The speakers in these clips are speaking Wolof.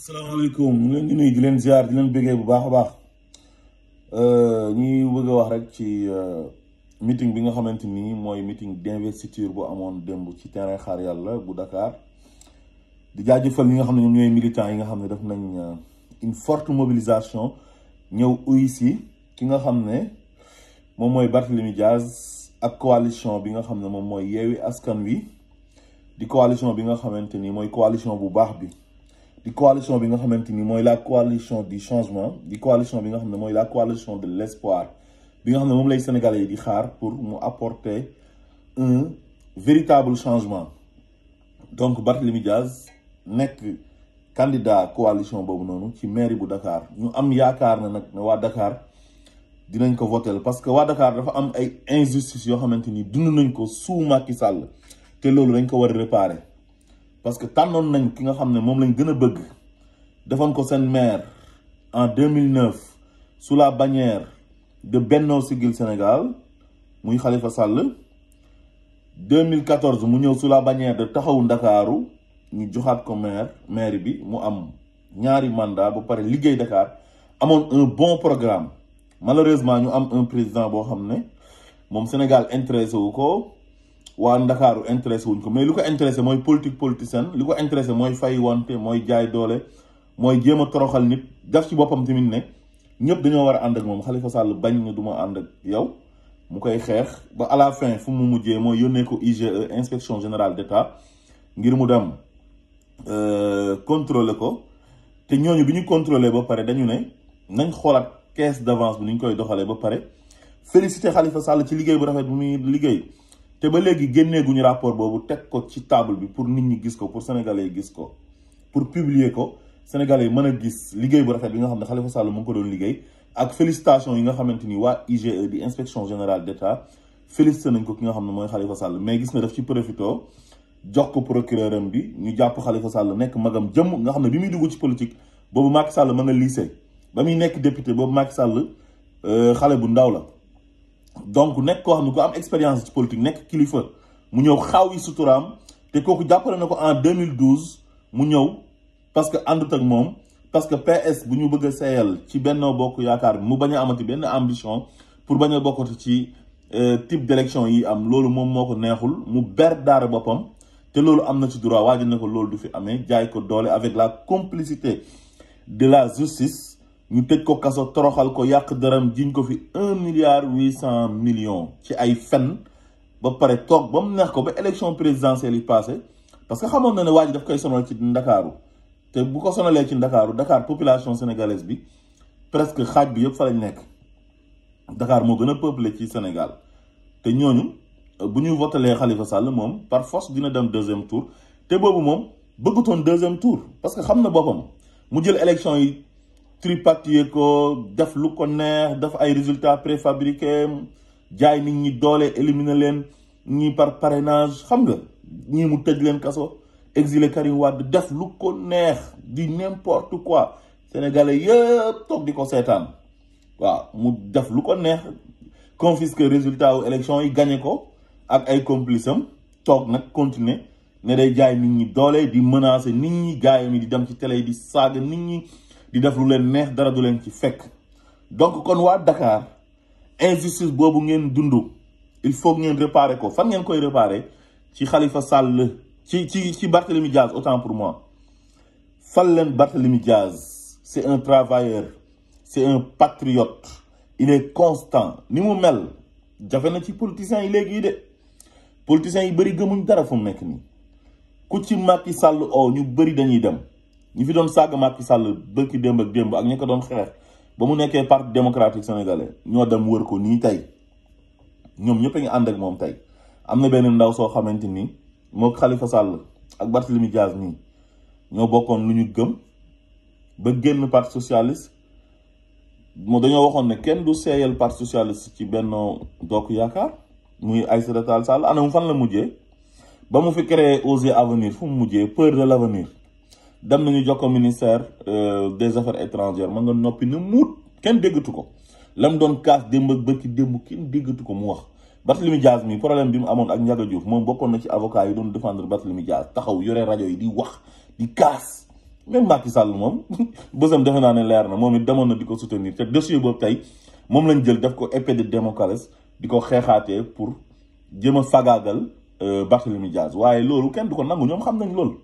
asalaamaaleykum ñu leen di di leen ziar di leen bëggee bu baax a baax euh, ñuy bëgg a wax rek ci euh, meeting bi nga xamante ni mooy meeting d'investiture bu amoon démb ci terrain xaar yàlla bu Dakar di jaajëfal ñi nga xam ne ñoom yi nga xam ne def nañ euh, une fort mobilisation ñëw uy si ki nga xam ne moom mooy Barthélemy Diaz ak coalition bi nga xam ne moom mooy yeewi askan wi di coalition bi nga xamante ni mooy coalition bu baax bi. La coalition la coalition du changement di coalition la coalition de l'espoir Nous sénégalais pour apporter un véritable changement donc Barthélémy Diaz le candidat coalition qui est ci mairie Dakar Nous avons Yakar na Dakar parce que Dakar dafa am injustice qui Nous sous Macky Sall parce que tant nañ ki nga xamné mom moom lañ gën bëgg defon ko sen maire en 2009 sous la bannière de Benno Sigil Sénégal muy Khalifa Sall 2014 mu ñëw sous la bannière de Taxaw Dakarou ñu joxat ko maire maire bi mu am ñaari mandat ba pare liggéey Dakar amone un bon programme malheureusement ñu am un président bo xamné mom le Sénégal intéressé waa Ndakaaru intéressé wuñ ko mais lu intéressé moy politique politicienne li intéressé moy fay wante moy jaay doole moy jéem a toroxal nit daf ci bopam tamit ne ñëpp dañoo wara and ak mom Khalifa Sall bañ na duma and ak yow mu koy xex ba à la fin fu mu mujjé moy yónnee ko IGE inspection générale d'État ngir mu dam euh contrôler ko té ñoñu biñu contrôler ba paré dañu né nañ xolat caisse d'avance bi ni ñu koy doxalé ba paré félicité Khalifa Sall ci liggéey bu rafet bu muy liggéey té ba légui léegi guñu rapport bobu teg ko ci table bi pour nit ñi gis ko pour sénégalais yi gis ko pour publier ko sénégalais yi mën gis liggéey bu rafet bi nga xam Khalifa Sall mu ko doon liggéey ak félicitations yi nga xamanteni wa IGE di inspection générale d'État félicité nañ ko ki nga xam moy Khalifa Sall mais gis na daf ci profito jox ko procureur am bi ñu japp Khalifa Sall nek magam jëm nga xam ne bi muy dugg ci politique bobu Macky Sall mëna lycée ba muy nekk député bobu Macky Sall euh xalé bu ndaw la donc nek ko xam ne am expérience ci politique nek kilifa mu ñew xaw yi suturaam te kooku jàppale na ko en 2012 mu ñew parce que àndut ak mom parce que PS bu ñu bëgg a ci Benno Bokk yaakar mu baña amati benn ambition pour baña a ci euh, type d'élection yi am lolu mom moko neexul mu ber daara bopam te lolu am ci droit waajal nako lolu du fi amé jaay ko doole avec la complicité de la justice ñu tëj ko kaso toroxal ko yàq dërëm jiñ ko fi 1 milliard 800 millions ci ay fen ba pare toog ba mu neex ko ba élection présidentielle yi passé parce que xamoon na ne waa daf koy sonal ci ndakaaru te bu ko sonalee ci ndakaaru Dakar population sénégalaise bi presque xaaj bi yëpp fa lañ nekk Dakar moo gën a peuplé ci Sénégal te ñooñu bu ñu votalee Khalifa Sall moom par force dina dem deuxième tour te boobu moom bëggutoon deuxième tour parce que xam na boppam mu jël élection yi tripartie ko def lu ko neex ay résultats préfabriqués jaay nit éliminer par parrainage xam nga ñi mu tej leen kasso exilé Karim Wade def lu ko neex di n'importe quoi sénégalais y tok di ko mu def lu ko neex confisque résultat aux élections yi gagné ko ak ay complice tok nak continuer ne day jaay nit ñi di menacer nit ñi gaay mi di dem ci télé di di def lu len neex dara du len ci fekk donc kon wa Dakar injustice bobu ngeen dundou il faut ngeen réparer ko fan ngeen koy réparer ci Khalifa Sall ci ci ci Barthélemy Diaz autant pour moi fal len Barthélemy Diaz c'est un travailleur c'est un patriote il est constant ni mu mel jafe na ci politicien yi légui dé politicien yi bëri gëmuñ dara fu mu ni. nii ku ci Macky Sall o ñu bëri dañuy dem. ñu fi doon sàgg Macky Sall bëkki démb ak démb ak ñi ko doon xeex ba mu nekkee parti démocratique sénégalais ñoo dem wër ko nii tey ñoom ñëpp a ngi ànd ak moom tey am na benn ndaw soo xamante ni moo xalifa Sall ak Barthélemy Diaz nii ñoo bokkoon lu ñu gëm ba génn parti socialiste moo dañoo waxoon ne kenn du seeyal parti socialiste ci Benno Bokk Yaakaar muy Aïssata Tall Sall ana mu fan la mujjee ba mu fi créé Osez Avenir fu mu mujjee peur de l' dem nañu jokko ministère euh, des affaires étrangères ma nga noppi na muut kenn déggatu ko lam doon kaas démb ak bëcc démb kenn déggatu ko mu wax Barthélemy Diaz mi problème bi mu amoon ak Ndiaga Diouf moom bokkoon na ci avocat yi doon défendre Barthélemy Diaz taxaw yore rajo yi di wax di kaas même Macky Sall moom bësam defe naa ne leer na moom it demoon na di ko soutenir te dossier boobu tey moom lañ jël daf ko épée de Damoclès di ko xeexaatee pour jëm a sagaagal euh, Barthélemy Diaz waaye loolu kenn ko nangu ñoom xam nañ loolu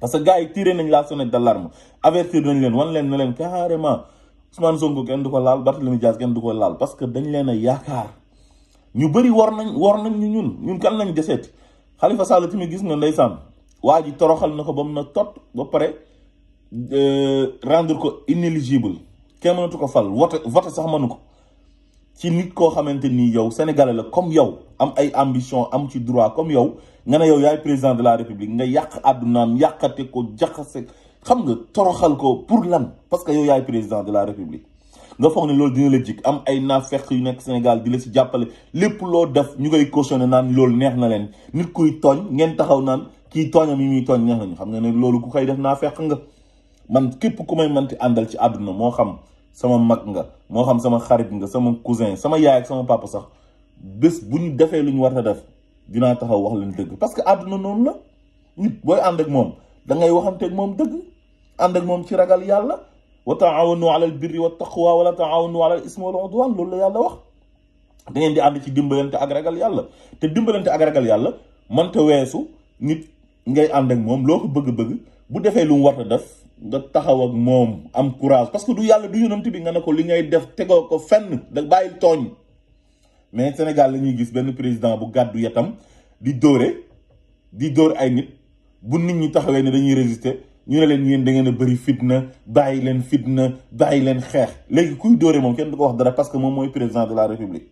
parce que gars yi tiré nañ laa sonnette d'alarme avertir nañ leen wan leen ne leen carrément Ousmane Sonko kenn du ko laal Barthélémy Dias kenn du ko laal parce que dañ leen a yaakaar ñu bëri wor nañ war nañ ñu ñun ñun kan lañ deseet Khalifa Sall tamit gis nga ndeysaan waa ji toroxal na ko ba mu na tot ba pare euh, rendre ko inéligible kenn mënatu ko fal vote vote sax mënu ko ci nit koo xamante nii yow sénégalais la comme yow am ay ambition am ci droit comme yow nga ne yow yaay président de la république nga yak àddunaam yàqate ko jaxase xam nga toroxal ko pour lan parce que yow yaay président de la république nga foog ne dina la jik am ay naafeq yu nek Sénégal di la si jàppale lepp lo def ñu koy cautionné nan loolu neex na len nit kuy togn ngeen taxaw naan kii tooñam mi mi togn neex nañ xam nga ne loolu ku koy def naafeq nga man képp ku may manti andal ci aduna mo xam sama mag nga mo xam sama xarit nga sama cousin sama yaay ak sama papa sax bés bu ñu defee lu ñu war a def dinaa taxaw wax leen dëgg parce que àdduna noonu la nit booy ànd ak moom da ngay waxanteeg moom dëgg ànd ak moom ci ragal yàlla wa taawanu alal birri wa taqwa wala taawanu alal ismi wal udwan loolu la yàlla wax da ngeen di ànd ci dimbalante ak ragal yàlla te dimbalante ak ragal yàlla mante weesu nit ngay ànd ak moom loo ko bëgg-bëgg bu defee lu mu war a def nga taxaw ak moom am courage parce que du yàlla du yonent bi nga ne ko li ngay def tegoo ko fenn da bàyyi tooñ mais Sénégal la ñuy gis benn président bu gaddu yatam di dóore di dóor ay nit bu nit ñi taxawee ne dañuy résister ñu ne leen yéen da ngeen a fitna bàyyi leen fitna bàyyi leen xeex léegi kuy dóore mom kenn du ko wax dara parce que mom moy président de la république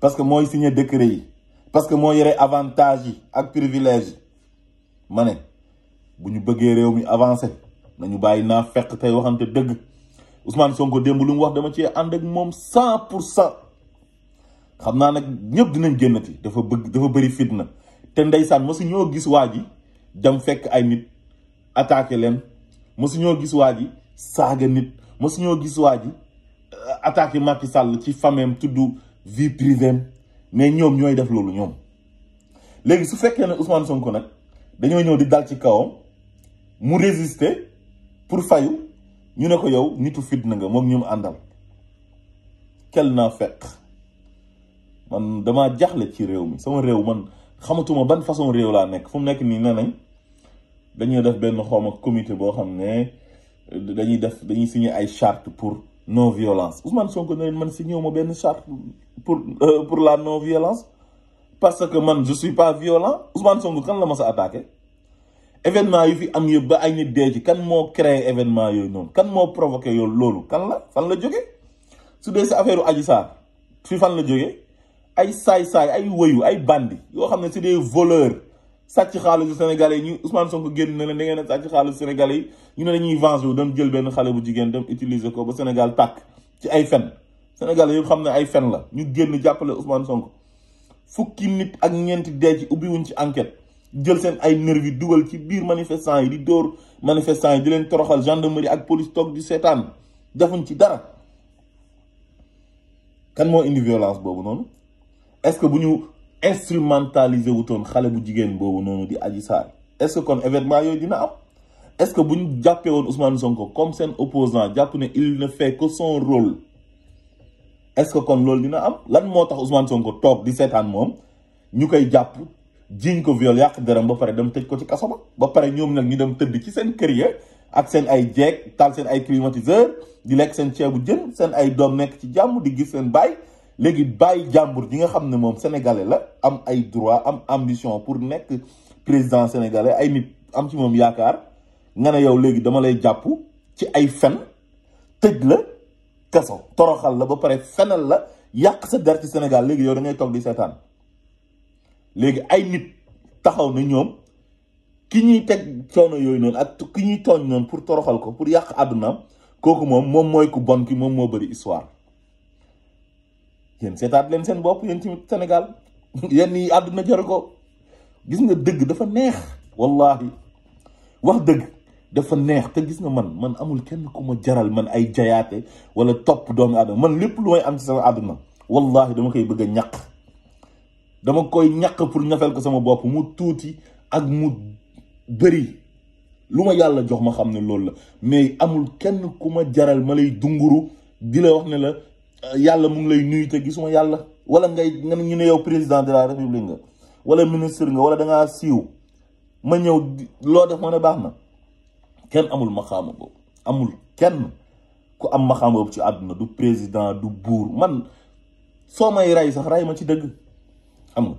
parce que mooy signé décret yi parce que moo yéré avantage yi ak privilège mané buñu bëggé réew mi avancer nañu bàyyi naa fekk tay waxante dëgg Ousmane Sonko démb lu mu wax dama ci and ak mom 100% xam naa nag ñëpp dinañ génnati dafa bëgg dafa bëri fitna te ndeysaan mosu ñoo gis waa ji dem fekk ay nit attaqué leen mosu ñoo gis waa ji saaga nit mosu ñoo gis waa ji euh, attaqué Macky sàll ci fameem tudd vie privée mais ñoom ñooy def loolu ñoom. léegi su fekkee ne Ousmane Sonko nag dañoo ñëw di dal ci kawam mu résister pour fayu ñu ne ko yow nitu fitna nga moom ñu àndal kel naa fekk. man dama jaxle ci réew mi sama réew man xamatuma ban façon réew laa nekk fu mu nekk nii nee dañuy def benn xawma ak comité boo xam ne dañuy def dañuy signé ay charte pour non violence Ousmane Sonko ne man signé wu ma benn charte pour euh, pour la non violence parce que man je suis pas violent Ousmane Sonko kan la ma sa attaqué événement yu fi am yëpp ba ay nit dee ci kan moo créé événement yooyu noonu kan moo provoqué yow loolu kan la fan la jóge su dee sa affaire u Sarr fi fan la jógee. ay saay-saay ay woyu ay bandi yoo xam ne c'est des voleurs sàcc xaalisu sénégalais yi ñu Ousmane Sonko génn na leen da ngeen a sàcc xaalisu sénégalais yi ñu ne ñuy venger wu dem jël benn xale bu jigéen dem utiliser ko ba Sénégal tàkk ci ay fen sénégalais yëpp xam ne ay fen la ñu génn jàppale Ousmane Sonko fukki nit ak ñeenti dee ci ubbiwuñ ci enquête jël seen ay nervi dugal ci biir manifestant yi di dóor manifestant yi di leen toroxal gendarmerie ak police toog seetaan defuñ ci dara kan moo indi violence boobu noonu est-ce que vous instrumentalisez instrumentaliser wutoon xale bu est-ce que vous événement dina est-ce que vous avez Ousmane Sonko comme opposant il ne fait que son rôle est-ce que kon avez dina am lan moo Ousmane Sonko toog di viol deram ba paré dem ko ci ba ba ñu dem teud ci sen kër ak ay ay climatiseur di léegi baye jambour gi nga xamné mom sénégalais la am ay droit am ambition pour nek président sénégalais ay nit am ci mom yakar nga yow légui dama lay japp ci ay fen tëj la kasso toroxal la ba paré fenal la yak sa dar ci Sénégal légui yow da ngay toog di sétane légui ay nit taxaw na ñom ki ñuy tek coono yoy non ak ki ñuy togn non pour toroxal ko pour yàq àddunaam kooku mom mom moy ku bon ki mom mo beuri histoire yéen seetaat leen seen bopp yéen tamit Sénégal yenn ñii àdduna jaru ko gis nga dëgg dafa neex wallahi wax dëgg dafa neex te gis nga man man amul kenn ku ma jaral man ay jayaate wala topp doomu aadama man lépp lu may am ci sama àdduna dama koy bëgg a dama koy ñàq pour ñafel ko sama bopp mu tuuti ak mu bëri lu ma jox ma xam ne loolu la mais amul kenn ku ma jaral ma lay dunguru di la wax ne la Euh, yàlla mu ngi lay nuyu te gisuma yàlla wala ngay nga ñu ne yow président de la république nga wala ministre nga wala da ngaa siiw ma ñëw loo def ma ne baax na kenn amul maxaama boobu amul kenn ku am maxaama boobu ci àdduna du président du buur man soo may rey sax rey ma ci dëgg am nga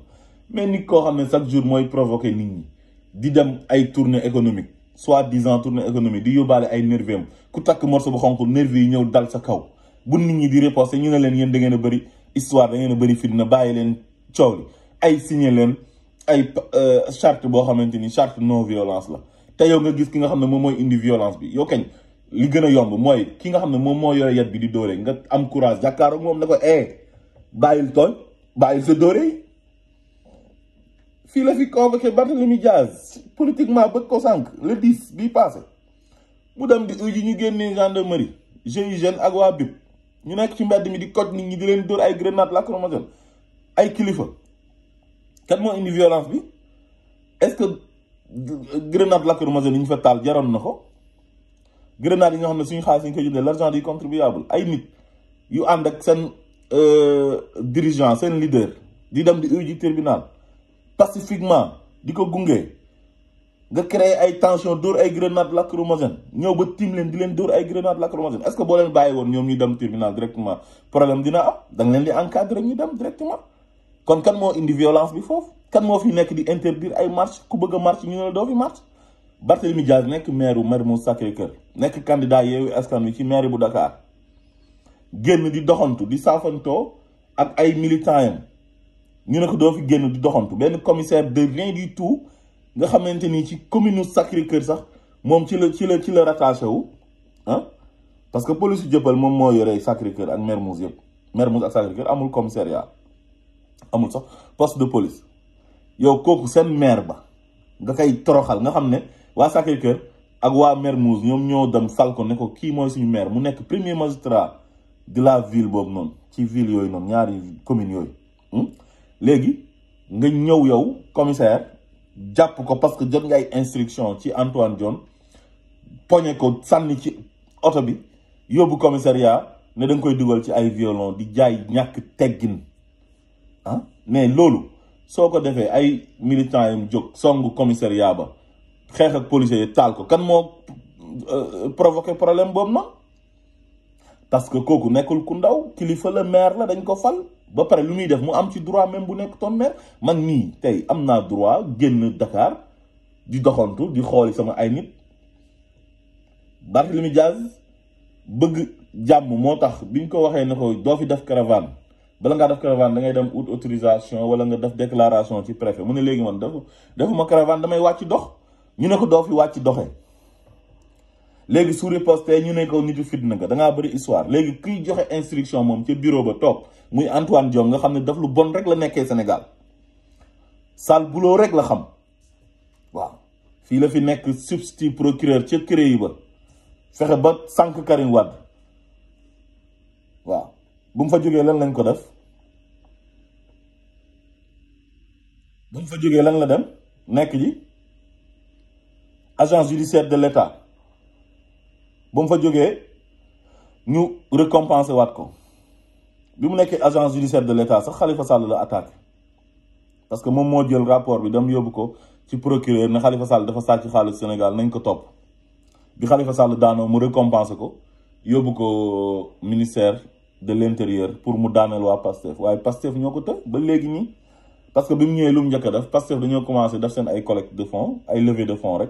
mais nit koo xam ne chaque jour mooy provoquer nit ñi di dem ay tournée économique soit disant tournée économique di yóbbaale ay nerveux ku takk morceau bu xonq nerveux yi ñëw dal sa kaw. bu nit ñi di riposte ñu ne leen yéen da ngeen a bëri histoire da ngeen a fitna bàyyi leen coow li ay signé leen ay euh, charte boo xamante ni charte non violence la te yow nga gis ki nga xam ne moom mooy indi violence bi yow kañ li gën a yomb mooy ki nga xam ne moom mooy yore yat bi di dóore nga am courage jàkkaaroo moom ne ko eh bàyyil tooñ bàyyil sa dóore yi fii la fi convoqué Barthélemy Diaz politiquement ba ko sànq le 10 bii passé mu dem di uji ñu génnee gendarmerie GIGN ak waa BIP ñu nek ci mbedd mi di koj nit ñi di leen door ay grenade ay kilifa kan mo indi violence est-ce que grenade lacrymogène yi ñu fa taal jaron nako grenade yi xam suñu ñu koy l'argent du contribuable ay nit yu and ak euh dirigeant sen leader di dem di tribunal pacifiquement di nga créer ay tension dóor ay grenade lacrymogène ñëw ba tiim leen di leen dóor ay grenade lacrymogène est-ce que boo leen bàyyi woon ñoom ñu dem tribunal directement problème dina am da leen di encadrer ñu dem directement kon kan moo indi violence bi foofu kan moo fi nekk di interdire ay marche ku bëgg a marche ñu ne la doo fi marche Barthélemy Diaz nekk maire Mermoz Sacré-Cœur nekk candidat Yewwi Askan Wi ci maire bu Dakar génn di doxantu di saafantoo ak ay militants ñu ne ko doo fi génn di doxantu benn commissaire de rien du tout nga xamante ni ci commune Sacré-Cœur sax moom ci la ci la ci la rattaché wu ah. parce que police jëppal moom moo yore Sacré-Cœur ak Mermoz yëpp Mermoz ak Sacré-Cœur amul commissariat amul sax poste de police yow kooku seen maire ba nga koy toroxal nga xam ne waa Sacré-Cœur ak waa Mermoz ñoom ñoo dem fal ko ne ko kii mooy suñu maire mu nekk premier magistrat de la ville boobu noonu ci ville yooyu noonu ñaari communes yooyu hmm. léegi nga ñëw yow commissaire jàpp ko parce que jot nga ay instruction ci Antoine Diome poñe ko sànni ci oto bi yóbbu commissariat ne da koy dugal ci ay violon di jaay ñàkk teggin ah mais loolu soo ko defee ay militants yam jóg songu commissariat ba xeex ak policiers yi taal ko kan moo euh, provoqué problème boobu noonu parce que kooku nekkul ku ndaw kilifa la maire la dañ ko fal ba pare lu muy def mu am ci droit même bu nekk ton maire man nii tey am naa droit génn Dakar di doxantu di xooli sama ay nit Barthélémy Dias bëgg jàmm moo tax bi biñ ko waxee ne ko doo fi def caravane bala ngaa def caravane da ngay dem ut autorisation wala nga def declaration ci préfet mu ne léegi man defu defuma caravane damay wàcc dox ñu ne ko doo fi wàcc doxe léegi su riposte ñu ne ko nitu fitna ko dangaa bëri histoire léegi kiy joxe instruction moom ca bureau ba toog muy Antoine Dion, nga xam daf lu bon rek la Sénégal sal boulot rek la xam waaw fi la fi nekk substitut procureur ci ba Wade waaw bu fa lan lañ ko def bu fa lan la dem ji agence judiciaire de l'État bu mu fa ñu récompenser bimu mu agence judiciaire de l'État sax Khalifa Sall la attaqué parce que moom moo jël rapport bi dem yobou ko ci procureur ne Khalifa Sall dafa sàcc xaalis Sénégal nañ ko top bi Khalifa Sall daano mu récompenser ko yobou ko ministère de l'intérieur pour mu daaneel wa Pastef waaye Pastef ñoko te ba légui ni parce que bimu mu lu mu njëkk a def Pastef dañoo commencé def sen ay collecte de fonds ay levée de fonds rek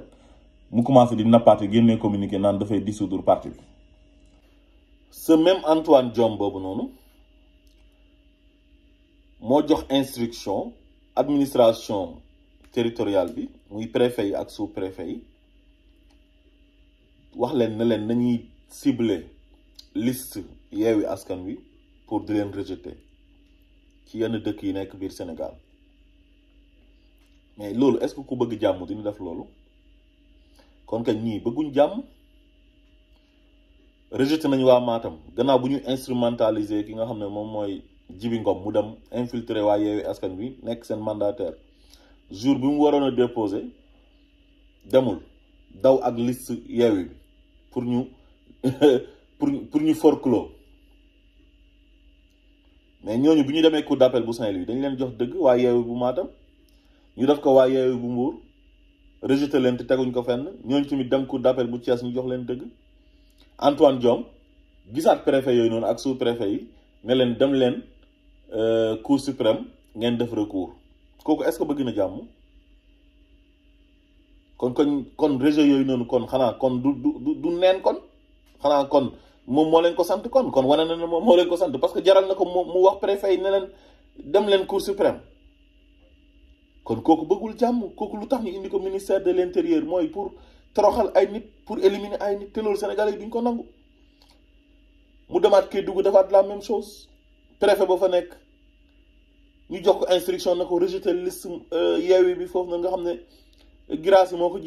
mu commencé di nappaate communiquer communiqué da fay dissoudre parti bi. ce même Antoine diom bobu nonou moo jox instruction administration territoriale bi muy préfet yi ak sous préfet yi wax len na len nañuy cibler liste yeewi askan bi pour di leen rejeter ci yenn deuk yi nek biir Sénégal mais lolu est-ce que ku bëgg jàmm dina def lolu kon kañ ñi bëgguñ jàmm rejeter nañ wa Matam gannaaw buñu instrumentaliser ki nga xamné mom moy Jibi Ngom mu dem infiltré waa Yewwi Askan Wi nek sen mandataire jour bi mu waroon a demul daw ak liste yewi bi pour ñu pour pour ñu forclo mais ñoñu bu ñu demee cour d'appel bu Saint-Louis dañ leen jox deug waa Yewwi bu Matam ñu daf ko waa Yewwi bu Mbour rejeté leen te teguñ ko fenn ñoñu tamit dem coup d'appel bu Thiès ñu jox leen deug Antoine Diom gisaat préfet yoy non ak sous-préfet yi ne leen dem leen euh, cour suprême a def recours est-ce que vous na jamm? kon kon kon réseau yoy vous kon xana kon du du du nen kon kon ko kon kon ko parce que jaral na mu wax préfet cour suprême kon bëggul jamm, vous lutax que indi ministère de l'intérieur pour toroxal ay nit pour éliminer ay nit Sénégalais duñ ko nangu mu la même chose préfet ba fa ñu jox ko instruction na ko rejeté liste euh, yeewi bi foofu nga xam ne Guirassy moo ko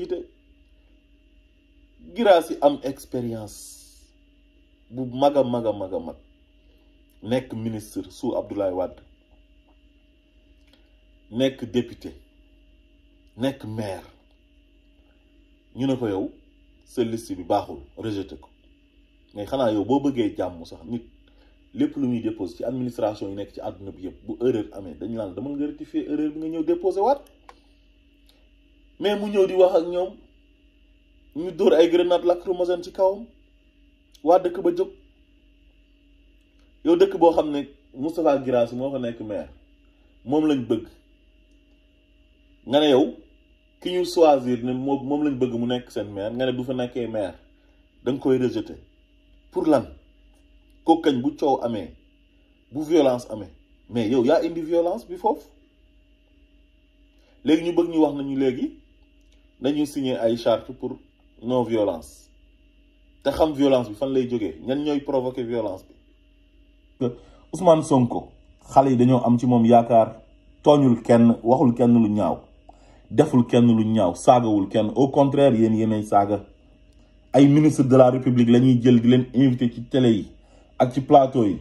am expérience bu mag a mag a mag a mag nekk ministre sous Abdoulaye Wade nekk député nekk maire ñu ne ko yow sa liste bi baaxul rejeté ko mais xanaa yow boo bëggee jàmm sax nit lépp lu ñuy déposé ci administration yi nekk ci àdduna bi yëpp bu erreur amee dañu naan dama nga rectifier erreur bi nga ñëw déposé waat mais mu ñëw di wax ak ñoom ñu dóor ay grenade lacrymogène ci kawam waa dëkk ba jóg yow dëkk boo xam ne Moustapha Guirassy moo fa nekk maire moom lañ bëgg nga ne yow ki ñu choisir ne moom lañ bëgg mu nekk seen maire nga ne du fa nekkee maire da nga koy rejeter pour lan kokkañ bu coow amé bu violence amee mais yow a indi violence bi fof légui ñu bëgg ñu wax nañu légui dañuy signer ay charte pour non violence té xam violence bi fan lay joggé ñan ñoy provoquer violence bi Ousmane Sonko xalé yi dañoo am ci mom yaakar tooñul kenn waxul kenn lu ñaaw deful kenn lu ñaaw sagawul kenn au contraire yéen yéenay saga. ay ministre de la république lañuy jël di leen inviter ci télé yi ci plateau yi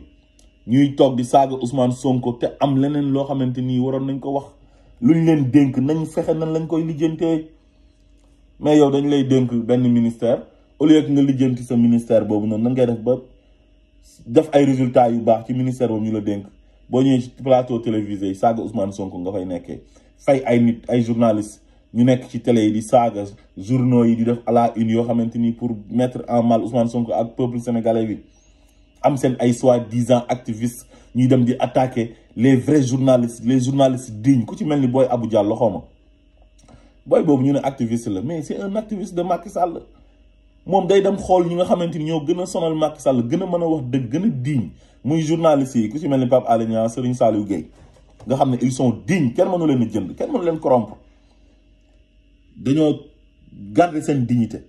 ñuy toog di saaga Ousmane Sonko te am leneen loo xamante ni waroon nañ ko wax luñ leen dénk nañ fexe nan lañ koy lijjantee mais yow dañ lay dénk benn ministère au lieu que nga lijjanti sa ministère boobu noonu nan ngay def ba def ay résultats yu baax ci ministère boobu ñu la dénk boo ñëwee ci plateau télévisé yi saaga Ousmane Sonko nga fay nekkee fay ay nit ay journaliste ñu nekk ci télé yi di saaga journaux yi di def à la une yoo xamante ni pour mettre en mal Ousmane Sonko ak peuple sénégalais bi. am seen ay soi-disant activiste ñuy dem di attaquer les vrais journalistes les journalistes dignes ku ci mel ni booy Abou Diallo xaw ma booy boobu ñu ne activiste la mais c'est un activiste de Macky Sall moom day dem xool ñi nga xamante ni ñoo gën a sonal Macky Sall gën a mën a wax dëgg gën digne muy journalistes yi ku ci mel Pape Alé Niang Serigne Saliou Gueye nga xam ils sont dignes kenn mënu leen a jënd kenn mënu leen corrompre dañoo garder seen dignité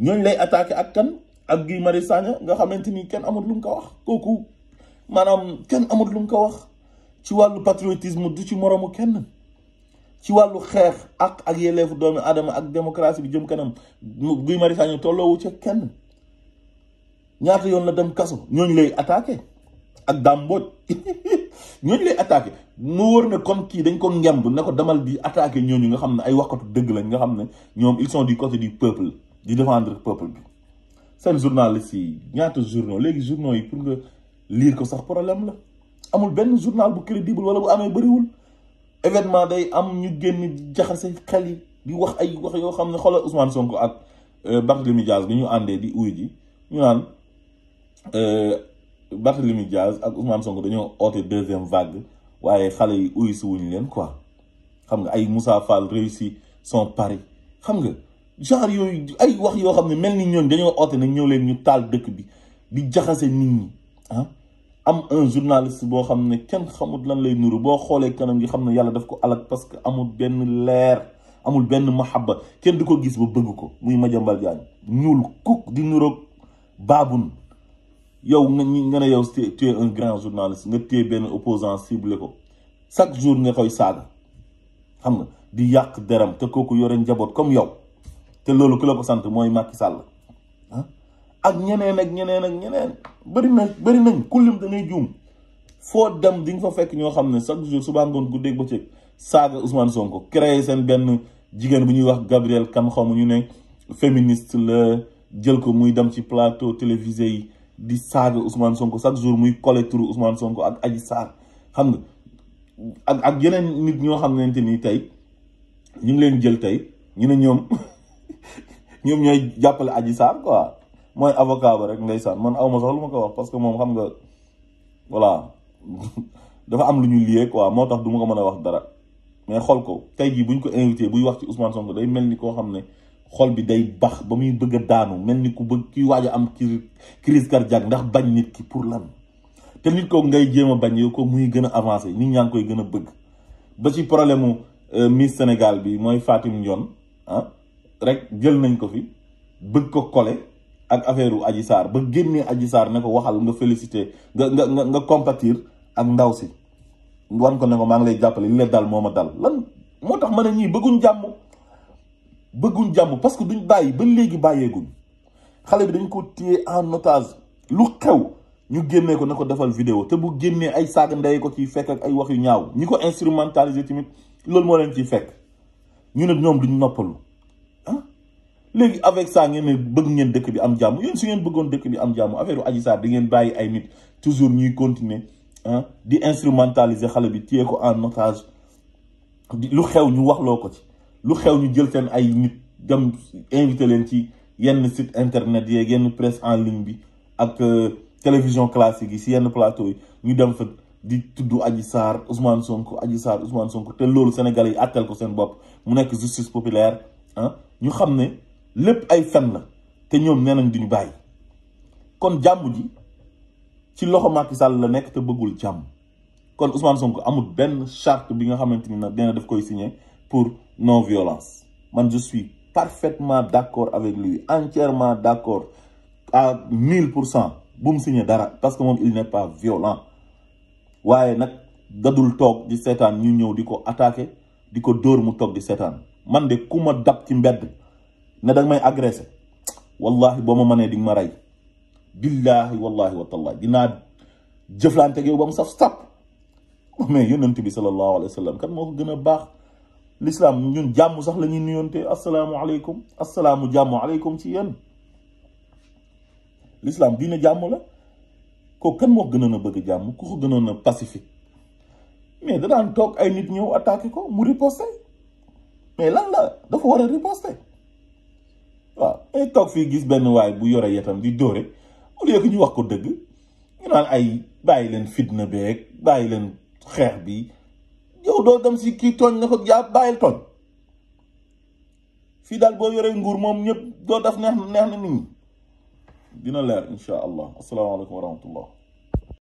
ñooñu lay attaquer ak kan. ak Guy Marius Sagna nga xamante ni kenn amut lu mu ko wax kooku maanaam kenn amut lu mu ko wax ci wàllu patriotisme du ci moroomu kenn ci wàllu xeex ak ak yelleefu doomi aadama ak démocratie bi jëm kanam Guy Marius Sagna tolloowu ca kenn ñaata yoon la dem kaso ñooñu lay attaqué ak Dame Mbodj ñooñu lay attaqué mu wër ne kon kii dañ ko ngemb ne ko demal di attaqué ñooñu nga xam ne ay waxkatu dëgg lañ nga xam ne ñoom ils sont du côté du peuple di défendre peuple bi seen journaliste yi ñaata journaux léegi journaux pour lire ko sax problème la amul benn journal bu crédible wala bu amee bëriwul événement day am ñu génn jaxase xel yi wax ay wax yoo xam ne Ousmane Sonko ak un euh, bi ñu àndee di uy ñu naan euh, Diaz ak Ousmane Sonko dañoo oote deuxième vague waaye xale yi uy si quoi xam nga ay Moussa Fall réussi son pari xam nga. genre yooyu ay wax yoo xam ne mel ni ñoom dañoo oote na ñëw leen ñu taal dëkk bi di jaxase nit ñi ah am un journaliste boo xam ne kenn xamut lan lay nuru boo xoolee kanam yi xam ne yàlla daf ko alak parce que amul benn leer amul benn mahabba kenn du ko gis ba bëgg ko muy Madiambal Diagne ñuul kuk di nuroog baabun yow nga nga ne yow tu es un grand journaliste nga téye benn opposant ciblé ko chaque jour nga koy saaga xam nga di yàq deram te kooku yore njaboot comme yow te loolu kilo ko sant mooy Macky Sall ah. ak ñeneen ak ñeneen ak ñeneen bëri na bëri nañ kullim da ngay juum foo dem di nga fa fekk ñoo xam ne chaque jour suba ngoon guddeeg bëccëg saaga Ousmane Sonko créé seen benn jigéen bu ñuy wax Gabriel kan xaw ma ñu ne féministe la jël ko muy dem ci plateau télévisé yi di saaga Ousmane Sonko chaque jour muy collé turu Sonko ak Adji Sarr xam nga ak ak yeneen nit ñoo xam ne ni tey ñu ngi leen jël tey ñu ne ñoom ñoom ñooy jàppale Adji Sarr quoi mooy avocat rek ngay ndeysaan man aw ma sax lu ma ko wax parce que moom xam nga voilà dafa am lu ñu lié ko moo tax du ma ko mën a wax dara mais xool ko tey jii buñ ko invité buy wax ci Ousmane Sonko day mel ni koo xam ne xol bi day bax ba muy bëgg a daanu mel ni ku bëgg kuy waaj a am crise cardiaque ndax bañ nit ki pour lan te nit kooku ngay jéem a bañ yow ko muy gën a avancé nit ñaa ngi koy gën a bëgg ba ci problème mu euh, Miss Sénégal bi mooy Fatim Ndion ah rek jël nañ ko fi bëgg ko kole ak affaire u Adji Sarr ba génnee Adji Sarr ne ko waxal nga félicité nga nga nga compatir ak ndaw si wan ko ne ko maa ngi lay jàppale li la dal moo ma dal lan moo tax ma ne ñii bëgguñ jàmm bëgguñ jàmm parce que duñ bàyyi ba léegi bàyyeeguñ xale bi dañ ko téye en otage lu xew ñu génnee ko ne ko defal vidéo te bu génnee ay saaga ndey ko ciy fekk ak ay wax yu ñaaw ñi ko instrumentaliser tamit loolu moo leen ciy fekk ñu ne ñoom duñ noppalu avec ça ngeen nous bëgg ngeen dëkk bi am jamm yeen su ngeen dëkk bi am ay toujours ñuy continuer ah di instrumentaliser xalé bi en otage lu xew ñu ci lu xew ñu jël ay nit dem inviter site internet presse en ligne bi euh, télévision classique yi si yenn plateau yi ñu dem di Ousmane Sonko Ousmane Sonko loolu Sénégalais yi ko mu justice populaire hein. ñu lepp ay fen la te ñoom nee duñu bàyyi kon jàmm ji ci loxo Macky Sall la nekk te bëggul jàmm kon Ousmane Sonko amul benn charte bi nga xamanteni na dina daf koy signer pour non violence man je suis parfaitement d'accord avec lui entièrement d'accord à mille pour cent signer dara parce que mom il n'est pas violent wayé nak gadul tok di sétane ñu ñëw diko attaquer diko ko mu tok di sétane man de kuma dab ci mbedd ne danga may agressé wallahi boo ma mënee di ma rey billahi wallahi wa taala dinaa jëflante ak yow ba mu saf sap mais yonent bi sallallahu alayhi wa kan moo ko gën a baax l'islam jàmm sax la ñuy nuyonte asalaamu aleykum asalaamu jàmm aleykum ci yéen l'islam diine jàmm la kook kan moo gënoon a bëgg jàmm ku ko gënoon a pacifique mais da daan toog ay nit ñëw attaqué ko mu riposté mais lan la dafa war a riposté day tok fi gis ben way bu yore yatam di doré ou lieu que ñu wax ko deug ñu naan ay bayi len fitna beek bayi len xex bi yow do dem ci ki togn na ko yaa bàyyil tooñ fii daal boo yoree nguur mom ñep do daf neex neex na nit ñi dina leer inshallah assalamu alaykum wa rahmatullah